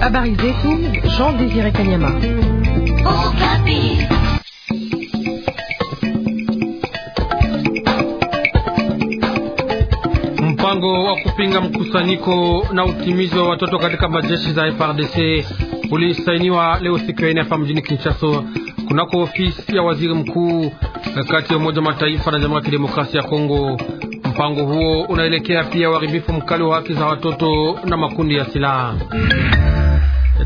Habari zetu Jean Désiré Kanyama. Mpango wa kupinga mkusanyiko na utimizi wa watoto katika majeshi za FARDC ulisainiwa leo siku ya ine hapa mjini Kinshasa kunako ofisi ya waziri mkuu kati ya Umoja Mataifa na Jamhuri ya Kidemokrasia ya Kongo. Mpango huo unaelekea pia uharibifu mkali wa haki za watoto na makundi ya silaha.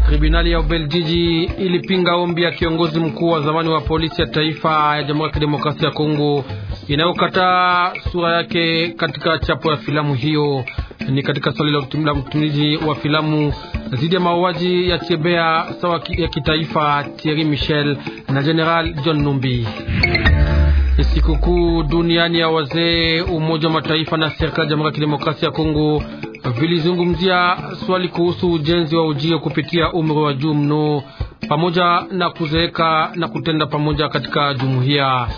Tribunali ya Ubeljiji ilipinga ombi ya kiongozi mkuu wa zamani wa polisi ya taifa ya Jamhuri ya Kidemokrasia ya Kongo inayokataa sura yake katika chapo ya filamu hiyo. Ni katika swali la mtumizi wa filamu dhidi ya mauaji ya chebea sawa ya kitaifa Thierry Michel na General John Numbi. Sikukuu duniani ya wazee, Umoja wa Mataifa na serikali ya Jamhuri ya Kidemokrasia ya Kongo vilizungumzia swali kuhusu ujenzi wa ujio kupitia umri wa juu mno pamoja na kuzeeka na kutenda pamoja katika jumuiya.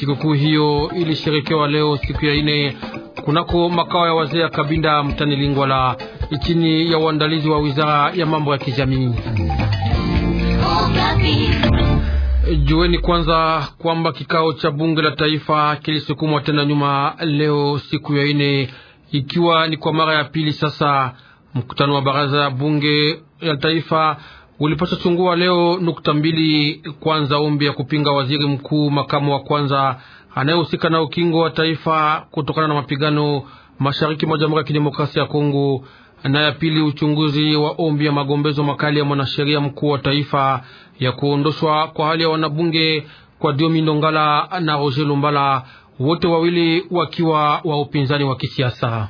Sikukuu hiyo ilisherekewa leo siku ya ine kunako makao ya wazee ya Kabinda mtani Lingwala chini ya uandalizi wa wizara ya mambo ya kijamii. Oh, Jueni kwanza kwamba kikao cha bunge la taifa kilisukumwa tena nyuma leo siku ya ine, ikiwa ni kwa mara ya pili sasa. Mkutano wa baraza ya bunge la taifa ulipaswa chungua leo nukta mbili. Kwanza, ombi ya kupinga waziri mkuu makamu wa kwanza anayehusika na ukingo wa taifa kutokana na mapigano mashariki mwa Jamhuri ya Kidemokrasia ya Kongo na ya pili uchunguzi wa ombi ya magombezo makali ya mwanasheria mkuu wa taifa ya kuondoshwa kwa hali ya wanabunge kwa Diomi Ndongala na Roger Lumbala, wote wawili wakiwa wa upinzani wa kisiasa.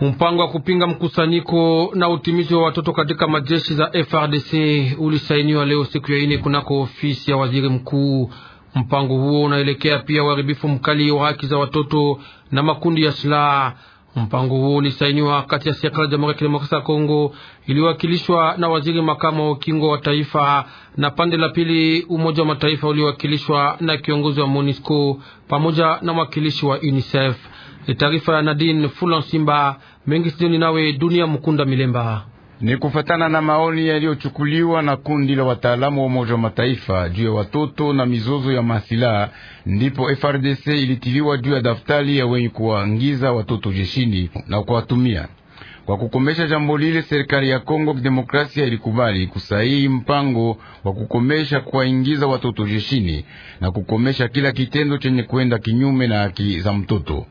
Mpango wa kupinga mkusanyiko na utimizi wa watoto katika majeshi za FRDC ulisainiwa leo siku ya ine kunako ofisi ya waziri mkuu. Mpango huo unaelekea pia uharibifu mkali wa haki za watoto na makundi ya silaha. Mpango huo ulisainiwa kati ya serikali ya Jamhuri ya Kidemokrasia ya Kongo iliyowakilishwa na waziri makamu wa ukingo wa taifa na pande la pili Umoja wa Mataifa uliowakilishwa na kiongozi wa MONUSCO pamoja na mwakilishi wa UNICEF. Taarifa ya Nadine simba mengi sijoni nawe Dunia Mkunda Milemba. Ni kufatana na maoni yaliyochukuliwa na kundi la wataalamu wa Umoja wa Mataifa juu ya watoto na mizozo ya masilaha, ndipo FRDC ilitiliwa juu ya daftari ya wenye kuwaingiza watoto jeshini na kuwatumia kwa kukomesha jambo lile, serikali ya Kongo Demokrasia ilikubali kusaini mpango wa kukomesha kuwaingiza watoto jeshini na kukomesha kila kitendo chenye kwenda kinyume na haki za mtoto.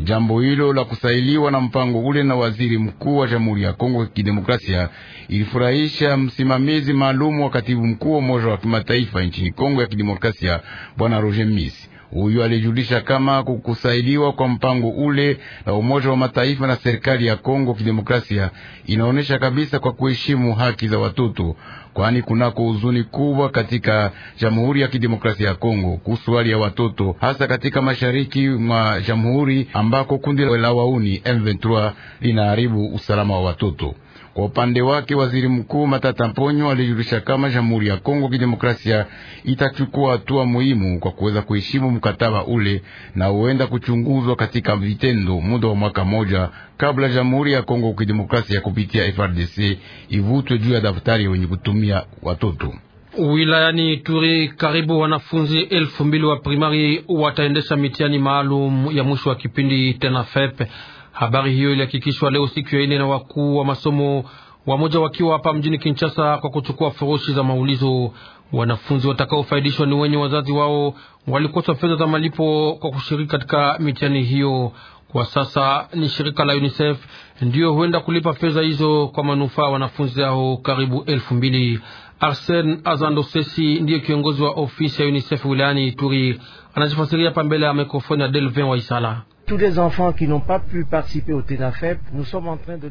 Jambo hilo la kusailiwa na mpango ule na waziri mkuu wa Jamhuri ya Kongo Kidemokrasia ilifurahisha msimamizi maalumu wa katibu mkuu wa Umoja wa Kimataifa nchini Kongo ya Kidemokrasia Bwana Roger misi Huyu alijulisha kama kukusaidiwa kwa mpango ule na Umoja wa Mataifa na serikali ya Kongo Kidemokrasia inaonyesha kabisa kwa kuheshimu haki za watoto, kwani kunako huzuni kubwa katika Jamhuri ya Kidemokrasia ya Kongo kuhusu hali ya watoto, hasa katika mashariki mwa jamhuri ambako kundi la wauni M23 linaharibu usalama wa watoto. Kwa upande wake, waziri mkuu Matata Mponyo alijulisha kama Jamhuri ya Kongo Kidemokrasia itachukua hatua muhimu kwa kuweza kuheshimu mkataba ule na huenda kuchunguzwa katika vitendo muda wa mwaka moja kabla Jamhuri ya Kongo Kidemokrasia kupitia FRDC ivutwe juu ya daftari wenye kutumia watoto. Wilayani Ituri karibu wanafunzi elfu mbili wa primari wataendesha mitihani maalum ya mwisho wa kipindi tena fepe. Habari hiyo ilihakikishwa leo siku ya ine na wakuu wa masomo wamoja wakiwa hapa mjini Kinshasa kwa kuchukua furushi za maulizo. Wanafunzi watakaofaidishwa ni wenye wazazi wao walikosa fedha za malipo kwa kushiriki katika mitihani hiyo. Kwa sasa ni shirika la UNICEF ndiyo huenda kulipa fedha hizo kwa manufaa wanafunzi hao karibu elfu mbili. Arsen Azando Sesi ndiye kiongozi wa ofisi ya UNICEF wilayani Ituri, anajifasiria hapa mbele ya mikrofoni ya Delvin Waisala.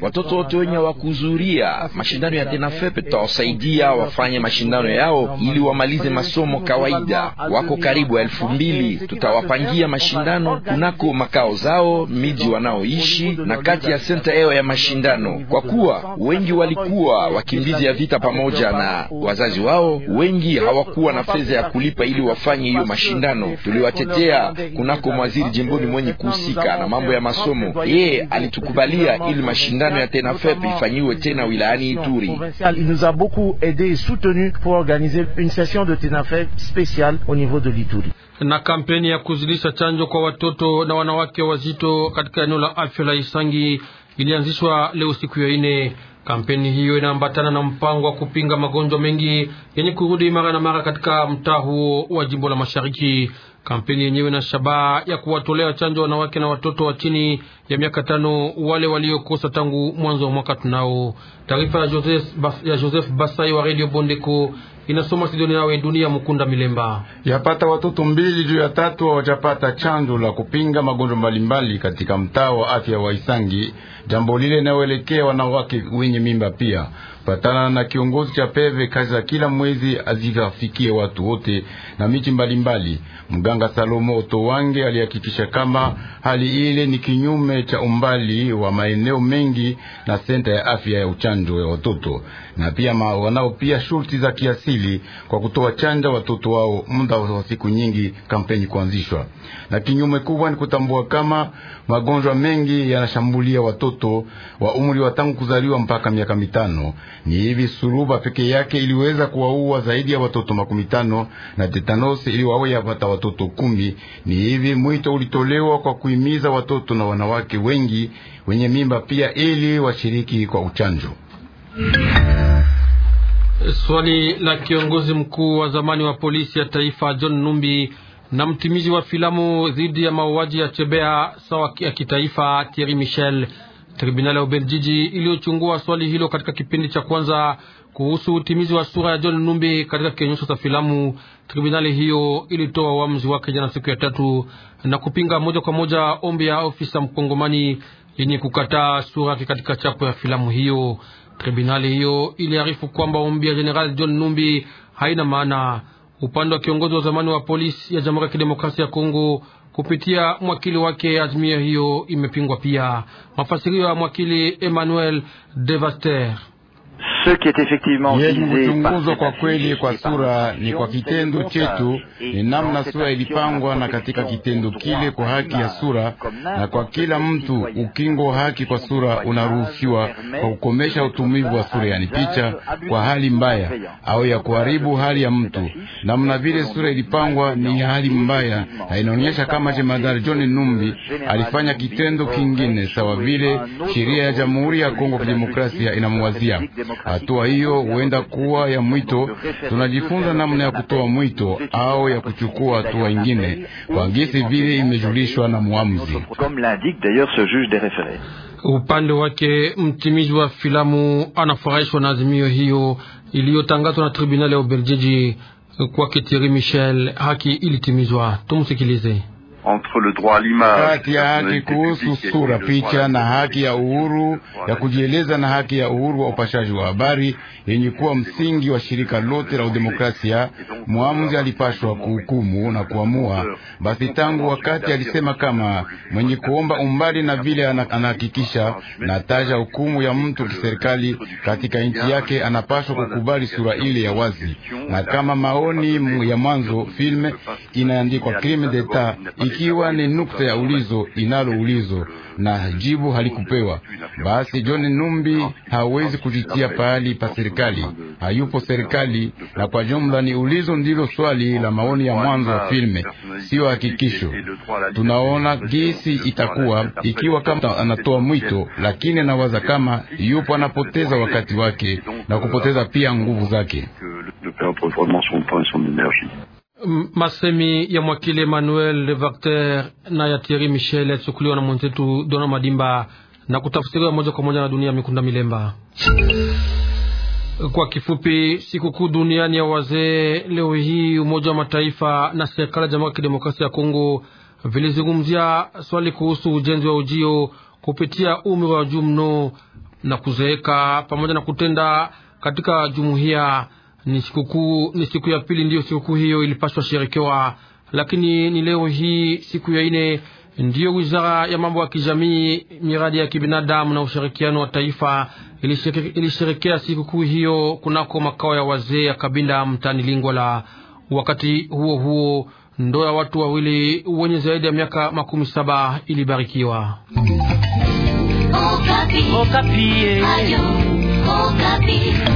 Watoto wote wenye wakuzuria mashindano ya TENAFEP tutawasaidia wafanye mashindano yao ili wamalize masomo kawaida. Wako karibu elfu mbili. Tutawapangia mashindano kunako makao zao, miji wanaoishi na kati ya senta yao ya mashindano, kwa kuwa wengi walikuwa wakimbizi ya vita pamoja na wazazi wao. Wengi hawakuwa na fedha ya kulipa ili wafanye hiyo mashindano. Tuliwatetea kunako mwaziri jimboni mwenye kusi anayehusika na mambo ya masomo. Yeye alitukubalia ili mashindano ya TENAFEP ifanyiwe tena wilayani Ituri. Na kampeni ya kuzilisha chanjo kwa watoto na wanawake wazito katika eneo la afya la Isangi ilianzishwa leo siku ya ine. Kampeni hiyo inaambatana na mpango wa kupinga magonjwa mengi yenye kurudi mara na mara katika mtaa huo wa jimbo la Mashariki. Kampeni yenyewe na shabaha ya kuwatolea chanjo wanawake na watoto wa chini ya miaka tano wale waliokosa tangu mwanzo wa mwaka tunao. Taarifa ya Joseph Basai wa Radio Bondeko inasoma studioni nawe dunia mukunda milemba yapata watoto mbili juu ya tatu hawajapata chanjo la kupinga magonjwa mbalimbali katika mtaa wa afya wa Isangi, jambo lile inayoelekea wanawake wenye mimba pia. Patana na kiongozi cha peve, kazi za kila mwezi azikafikie watu wote na michi mbalimbali. Mganga Salomo Otowange alihakikisha kama hali ile ni kinyume cha umbali wa maeneo mengi na senta ya afya ya uchanjo ya watoto na pia wanao pia shurti za kiasi pili kwa kutoa chanja watoto wao muda wa siku nyingi, kampeni kuanzishwa. Na kinyume kubwa ni kutambua kama magonjwa mengi yanashambulia watoto wa umri wa tangu kuzaliwa mpaka miaka mitano. Ni hivi suruba peke yake iliweza kuwaua zaidi ya watoto makumi tano na tetanosi iliwaua yapata watoto kumi. Ni hivi mwito ulitolewa kwa kuhimiza watoto na wanawake wengi wenye mimba pia ili washiriki kwa uchanjo. Swali la kiongozi mkuu wa zamani wa polisi ya taifa John Numbi na mtimizi wa filamu dhidi ya mauaji ya Chebea sawa ya kitaifa Thierry Michel. Tribunali ya ubeljiji iliyochungua swali hilo katika kipindi cha kwanza kuhusu utimizi wa sura ya John Numbi katika kionyesho cha filamu. Tribunali hiyo ilitoa uamuzi wake jana siku ya tatu na kupinga moja kwa moja ombi ya ofisa mkongomani yenye kukataa sura yake katika chapo ya filamu hiyo. Tribunali hiyo iliarifu kwamba ombi ya General John Numbi haina maana. Upande wa kiongozi wa zamani wa polisi ya Jamhuri ya Kidemokrasia ya Kongo kupitia mwakili wake, azimia hiyo imepingwa pia. Mafasirio ya mwakili Emmanuel Devaster Yaliyozungumzwa kwa kweli kwa sura ni kwa kitendo chetu, ni namna sura ilipangwa, na katika kitendo kile kwa haki ya sura na kwa kila mtu, ukingo wa haki kwa sura unaruhusiwa kwa kukomesha utumivu wa sura, yani picha, kwa hali mbaya au ya kuharibu hali ya mtu. Namna vile sura ilipangwa ni hali mbaya, na inaonyesha kama jemadari John Numbi euh, alifanya kitendo kingine sawa vile sheria ya Jamhuri ya Kongo Kidemokrasia inamwazia Hatua hiyo huenda kuwa ya mwito. Tunajifunza namna ya kutoa mwito au ya kuchukua hatua ingine kwa gisi vile imejulishwa na muamuzi. Upande wake mtimizi wa filamu anafurahishwa na azimio hiyo iliyotangazwa na tribunali ya Ubelgiji. Kwake Thierry Michel, haki ilitimizwa. Tumsikilize kati ya haki kuhusu sura, picha na haki ya uhuru ya kujieleza na haki ya uhuru wa upashaji wa habari yenye kuwa msingi wa shirika lote la udemokrasia. Mwamuzi alipashwa kuhukumu na kuamua. Basi tangu wakati alisema kama mwenye kuomba umbali na vile anahakikisha na taja hukumu ya mtu kiserikali katika nchi yake, anapashwa kukubali sura ile ya wazi, na kama maoni ya mwanzo filme inaandikwa crime d'etat ikiwa ni nukta ya ulizo inalo ulizo na jibu halikupewa, basi John Numbi hawezi kujitia pahali pa serikali, hayupo serikali. Na kwa jumla ni ulizo ndilo swali la maoni ya mwanzo wa filme, siyo hakikisho. Tunaona gisi itakuwa ikiwa kama anatoa mwito, lakini anawaza kama yupo anapoteza wakati wake na kupoteza pia nguvu zake. Masemi ya mwakili Emmanuel Levacteur na ya Thierry Michel yachukuliwa na mwenzetu Dona Madimba na kutafsiriwa moja kwa moja na Dunia Mikunda Milemba. Kwa kifupi, sikukuu duniani ya wazee leo hii, Umoja wa Mataifa na serikali ya Jamhuri ya Kidemokrasia ya Kongo vilizungumzia swali kuhusu ujenzi wa ujio kupitia umri wa juu mno na kuzeeka pamoja na kutenda katika jumuiya ni sikukuu, ni siku ya pili ndiyo sikukuu hiyo ilipaswa sherekewa, lakini ni leo hii siku ya ine ndiyo wizara ya mambo ya kijamii, miradi ya kibinadamu na ushirikiano wa taifa ilisherekea sikukuu hiyo kunako makao ya wazee ya Kabinda mtani Lingwala. Wakati huo huo, ndoa ya watu wawili wenye zaidi ya miaka makumi saba ilibarikiwa. Okapi. Okapi. Eh.